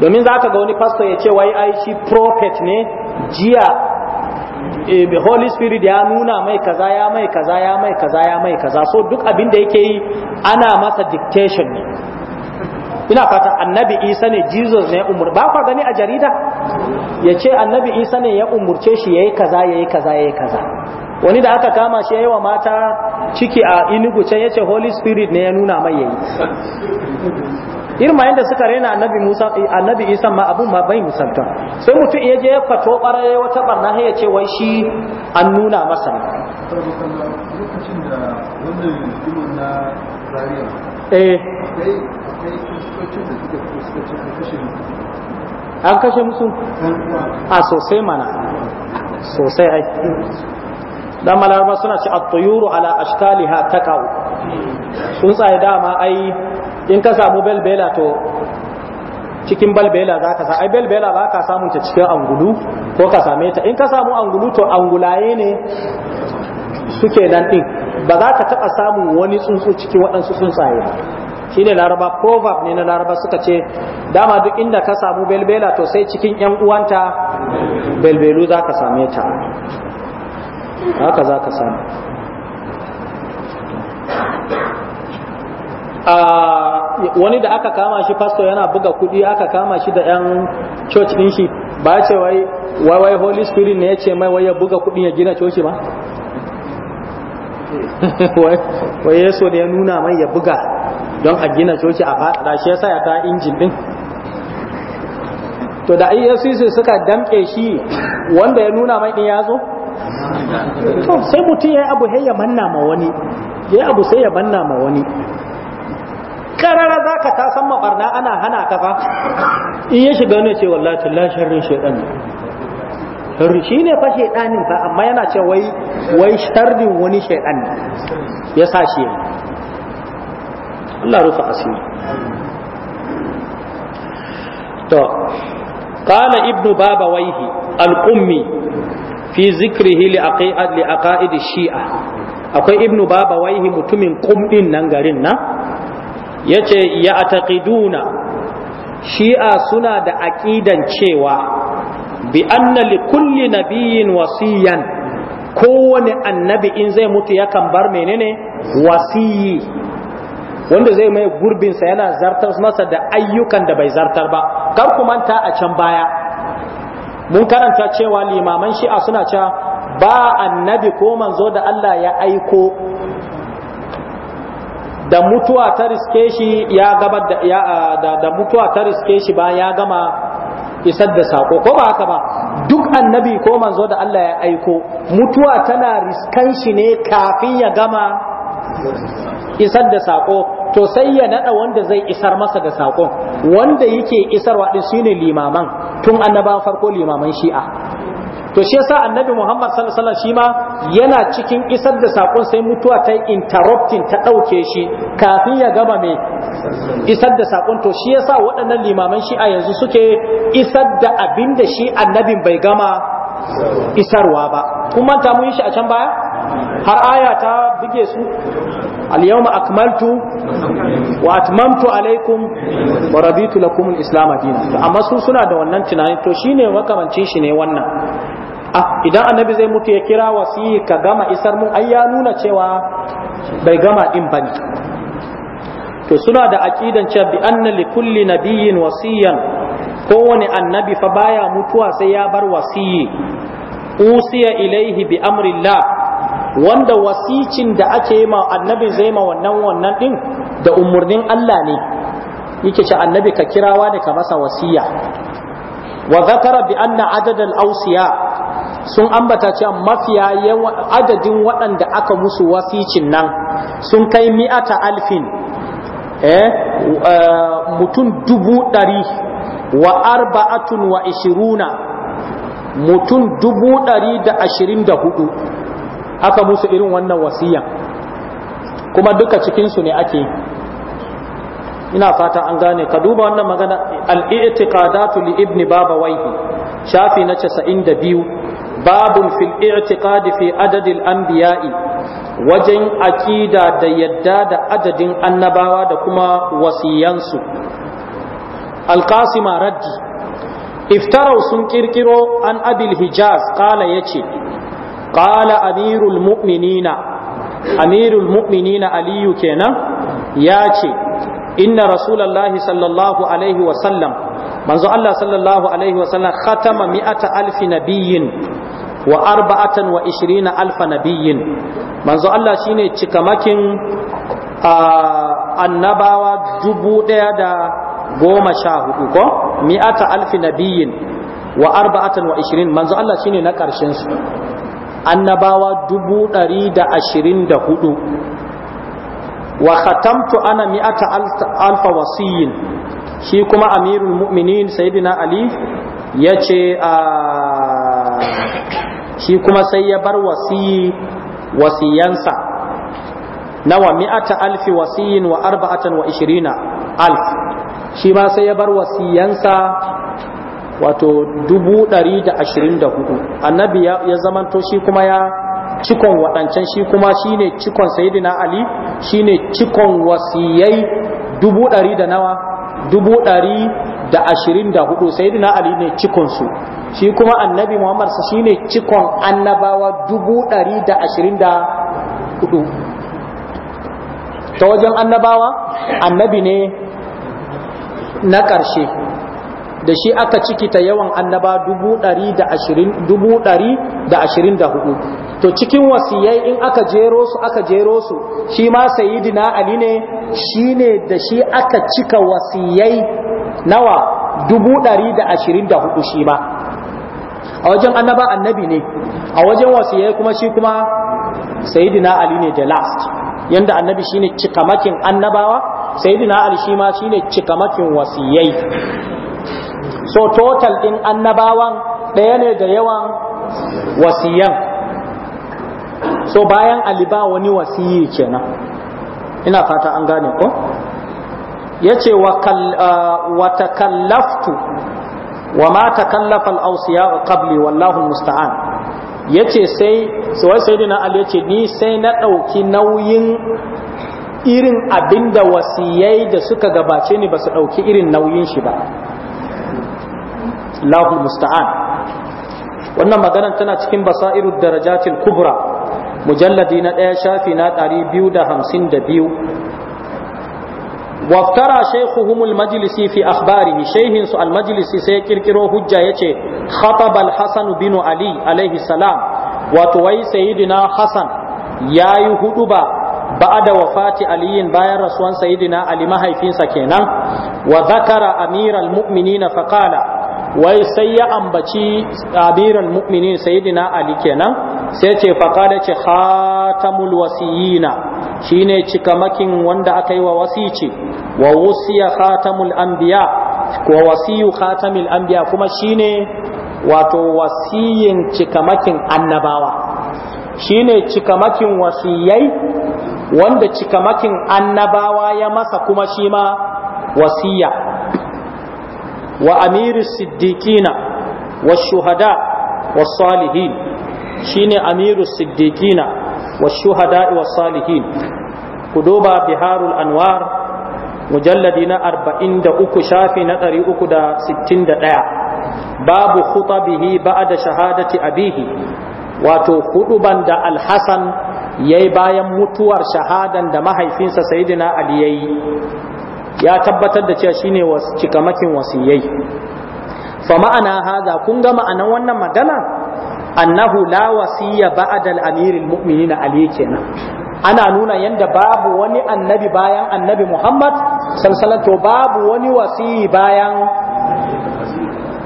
domin za ka ga wani pastor ya ce wai ai shi prophet ne jiya Eh, holy spirit ya nuna mai kaza ya mai kaza ya mai kaza ya mai kaza so duk abin da yake yi ana masa dictation ne ina fata annabi isa ne jesus ne umur ba kwa gani a jarida ya ce annabi isa ne ya umurce shi ya yi kaza ya yi kaza ya yi kaza wani da aka kama shi yawa mata ciki a inugu can yace holy spirit ne ya nuna mai yayi irma yadda suka rena annabi musa annabi isa ma abun ma bai musanta sai mutum iya je ya fato barare wata barna sai ya ce wai shi an nuna masa ne eh an kashe musu a sosai mana sosai ai dan malarba suna ce at-tuyuru ala ashkaliha taqaw tsuntsaye dama ai in ka samu belbela to cikin balbela za ka sa ai balbela ba ka samun ta cikin angulu ko ka same ta in ka samu angulu to angulaye ne suke nan din ba za ka taɓa samun wani tsuntsu cikin waɗansu tsuntsaye shi ne laraba proverb ne na laraba suka ce dama duk inda ka samu belbela to sai cikin 'yan uwanta belbelu za ka same ta haka za ka samu wani da aka kama shi fasto yana buga kudi aka kama shi da 'yan church din shi ba ce wai wai holy spirit ne ya ce mai wai ya buga kudi ya gina coci ba wai yeso ne ya nuna mai ya buga don a gina coci a fada shi yasa ya ta injin din to da efcc suka damke shi wanda ya nuna mai din ya zo to sai mutum ya yi abu hayya manna ma wani ya abu sai ya manna ma wani karara za ka ta san maɓarna ana hana ka fa in ya shiga wani ce wallahi tallahi sharrin shaidan ne shi ne fa shaidanin fa amma yana ce wai wai sharrin wani shaidan ne ya sa shi Allah rufa asiri to قال ابن Waihi القمي fi zikrihi li aqiqat li aqaid shi'a akwai ibnu baba waihi mutumin kumɗin nan garin na yace ya ataqiduna shi'a suna da aqidan cewa bi anna li kulli nabiyyin wasiyan kowane annabi in zai mutu yakan bar menene wasiyi wanda zai mai gurbinsa yana zartar masa da ayyukan da bai zartar ba kar ku manta a can baya mun karanta cewa limaman shi'a suna cewa ba annabi ko manzo da Allah ya aiko da mutuwa ta riske shi ya gaba da, da, da mutuwa ta riske shi ba ya gama isar da sako ko ba haka ba duk annabi ko manzo da Allah ya aiko mutuwa tana riskan shi ne kafin ya gama isar da sako to sai ya nada wanda zai isar masa da sakon wanda yake isarwa din shine limaman tun annabawan farko limaman shi'a to shi yasa annabi Muhammad sallallahu alaihi wasallam shi ma yana cikin isar da sakon sai mutuwa ta interrupting ta dauke shi kafin ya gama me isar da sakon to shi yasa waɗannan limaman shi'a yanzu suke isar da abinda shi annabin bai gama isarwa ba kun manta mun yi shi a can baya har aya ta buge su al-yawma akmaltu wa atmamtu alaikum wa raditu lakum al-islam din amma su suna da wannan tunanin to shine makamancin shi ne wannan ah, idan annabi zai mutu ya kira wasi ka gama isar mun ayya nuna cewa bai gama din bane to suna da aqidan cewa bi anna li kulli nabiyyin wasiyan kowane annabi fa baya mutuwa sai ya bar wasiyi usiya ilaihi bi amrillah wanda wasicin da ake yi ma annabi zai ma wannan wannan din da umarnin Allah ne yake ce annabi ka kirawa ne ka masa wasiya wa zakara bi anna adadal awsiya sun ambata ce mafiya yawan adadin waɗanda aka musu wasicin nan sun kai mi'ata alfin eh, eh mutum dubu ɗari wa arba'atun wa ishiruna mutum dubu ɗari da ashirin da hudu aka musu irin wannan wasiya kuma duka cikinsu ne ake ina fata an gane ka duba wannan magana al-i'tiqadatu li ibni Waihi, shafi na casa'in da biyu, babun fil i'tiqadi fi adadil anbiya'i wajen akida da yadda da adadin annabawa da kuma wasiyansu alkasima raddi iftarau sun kirkiro an abil hijaz kala ya ce qala amirul mu'minina amirul mu'minina aliyu kenan ya ce inna rasulullahi sallallahu alaihi wa sallam manzo Allah sallallahu alaihi wa sallam khatama mi'ata alfi nabiyyin wa arba'atan wa ishirina alfa nabiyyin manzo Allah shine cikamakin annabawa dubu ɗaya da goma sha hudu ko mi'ata alfi nabiyyin wa arba'atan wa ishirin manzo Allah shine na ƙarshen su annabawa dubu ɗari da ashirin da hudu wa khatamtu ana mi'ata alfa wasiyin shi kuma amirul mu'minin sayyidina ali ya ce a, ah, shi kuma sai ya bar wasiyi wasiyansa nawa mi'ata alfi wasiyin wa arba'atan wa ishirina alf shi ma sai ya bar wasiyansa wato dubu ɗari da ashirin da hudu annabi ya zamanto shi kuma ya cikon waɗancan shi kuma shi ne cikon sayidina ali shi ne cikon wasiyai dubu ɗari da nawa dubu ɗari da ashirin da hudu sayidina ali ne cikonsu shi kuma annabi muhammad shi ne cikon annabawa dubu ɗari da ashirin da hudu ta wajen annabawa annabi ne na ƙarshe da shi aka cikita yawan annaba dubu da da ashirin hudu. to cikin wasiyai in aka jero su aka jero su shi ma sayidina ali ne shi ne da shi aka cika wasiyai nawa dubu da da ashirin hudu shi ma a wajen annaba annabi ne a wajen wasiyai kuma shi kuma sayidina ali ne da last yanda annabi shi ne cikamakin annabawa sayidina ali shi ma ne cikamakin wasiyai so total ɗin annabawan ɗaya ne da yawan wasiyan so bayan aliba wani wasiyi kenan ina fata an gane ko ya ce uh, wa takallaftu wa ma takallafa al'ausiya qabli wallahu musta'an ya ce sai sai dina ali ya ce ni sai na ɗauki nauyin irin abinda wasiyai da suka gabace ni ba su ɗauki irin nauyin shi ba lahu wannan maganar tana cikin basairu darajatil kubra mujalladi na ɗaya shafi na ɗari biyu da hamsin da biyu waftara Humul almajlisi fi akhbarihi shaykhin su almajlisi sai ƙirƙiro hujja yace khatabal hasan bin ali alayhi salam wa tuwai sayyidina hasan yayi huduba ba'da wafati ali bayan rasuwan sayyidina ali mahaifinsa kenan wa zakara amiral mu'minina faqala wai sai ya ambaci abiran mu'minin sayyidina ali kenan sai ce da ce khatamul wasiyina shine cikamakin wanda aka yi wa wasici wa wusiya khatamul anbiya wa wasiyu khatamul anbiya kuma shine wato wasiyin cikamakin annabawa shine cikamakin wasiyai wanda cikamakin annabawa ya masa kuma shi ma wasiya wa amiri siddiqina wa shuhada wa salihin shine amiru siddiqina wa shuhada wa salihin biharul anwar mujalladi na 43 shafi na 361 babu khutabihi ba'da shahadati bihi, wato huduban da alhassan yayi bayan mutuwar shahadan da mahaifinsa sayyidina ali yayi ya tabbatar da cewa shine cikamakin wasiyai fa ma'ana haza kun ga ma'anan wannan magana annahu la wasiya ba'da al-amir al-mu'minina ali kenan ana nuna yanda babu wani annabi bayan annabi Muhammad sallallahu to babu wani wasi bayan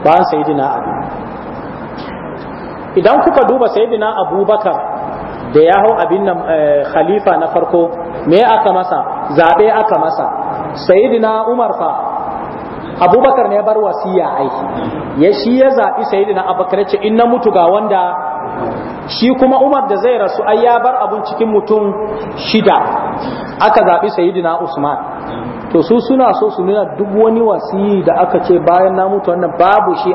bayan sayyidina Abu idan kuka duba sayyidina Abubakar da ya hau abin nan eh, khalifa na farko me aka masa zaɓe aka masa sayidina umar fa abubakar ne bar wasiya ai ya shi ya zaɓi sayidina abubakar ce in na mutu ga wanda shi kuma umar da zai rasu ai ya bar abun cikin mutum shida aka zaɓi sayidina usman to su suna so su nuna duk wani wasiyi da aka ce bayan na mutu wannan babu shi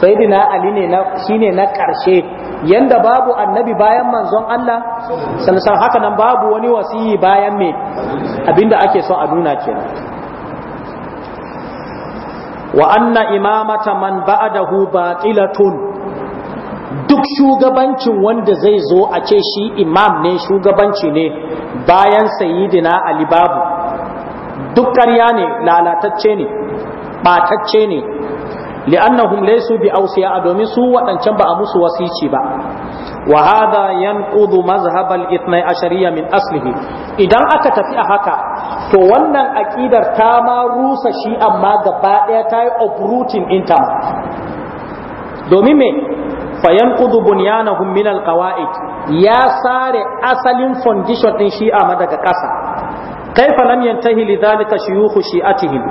sayyidina ali ne na shine na karshe yanda babu annabi bayan manzon Allah sanasan haka nan babu wani wasiyi bayan me abinda ake so a nuna kenan wa anna imamata man ba'dahu batilatun duk shugabancin wanda zai zo a ce shi imam ne shugabanci ne bayan sayyidina ali babu duk ƙarya ne lalatacce ne ɓatacce ne li'annahum laysu bi awsiya domin su waɗancan ba a musu wasici ba wa hadha yanqudu mazhab al-ithnai ashariyya min aslihi idan aka tafi a haka to wannan aqidar ta ma rusa shi amma gaba ɗaya ta yi uprooting inta domin me fayanqudu bunyanahum min al-qawaid ya sare asalin foundation din shi'a ma daga ƙasa kaifa lam yantahi lidhalika shuyukhu shi'atihim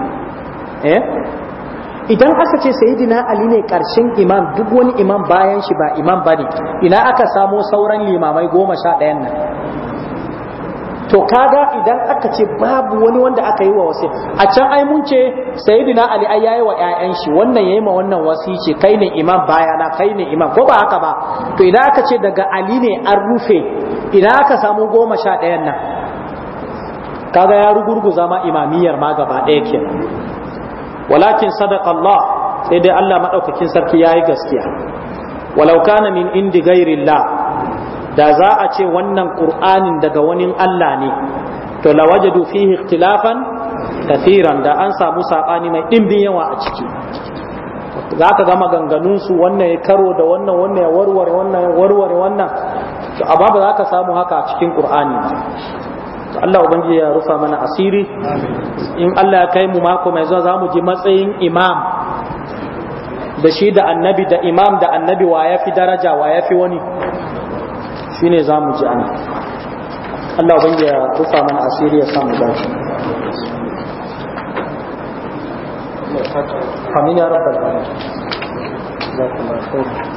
eh idan aka ce sayyidina ali ne karshen imam duk wani imam bayan shi ba imam bane ina aka samo sauran limamai goma sha ɗayan nan to kaga idan aka ce babu wani wanda aka yi wa wasi a can ai mun ce sayyidina ali ai yayi wa ƴaƴan shi wannan yayi ma wannan wasi ce kai ne imam na kai ne imam ko ba haka ba to idan aka ce daga ali ne an rufe idan aka samu goma sha ɗayan nan kaga ya rugurguza ma imamiyar ma gaba ɗaya ke walakin sadaka Allah sai dai Allah maɗaukakin sarki ya yi gaskiya walau kana min indi ghairillah da za a ce wannan qur'anin daga wani Allah ne to lawajadu fihi ikhtilafan kathiran da an samu sabani mai dimbin yawa a ciki za ka ga maganganunsu wannan ya karo da wannan wannan ya warware wannan ya warware wannan to amma ba za ka samu haka a cikin qur'ani Allah ubangiji ya rufa mana asiri in Allah ya kai mu mako mai zuwa zamu ji matsayin imam da shi da annabi da imam da annabi wa ya fi daraja wa ya fi wani Shi ne za mu ji ana Allah ubangiji ya rufa mana asiri ya samu dace Amin ya rabbal alamin. Jazakumullahu khairan.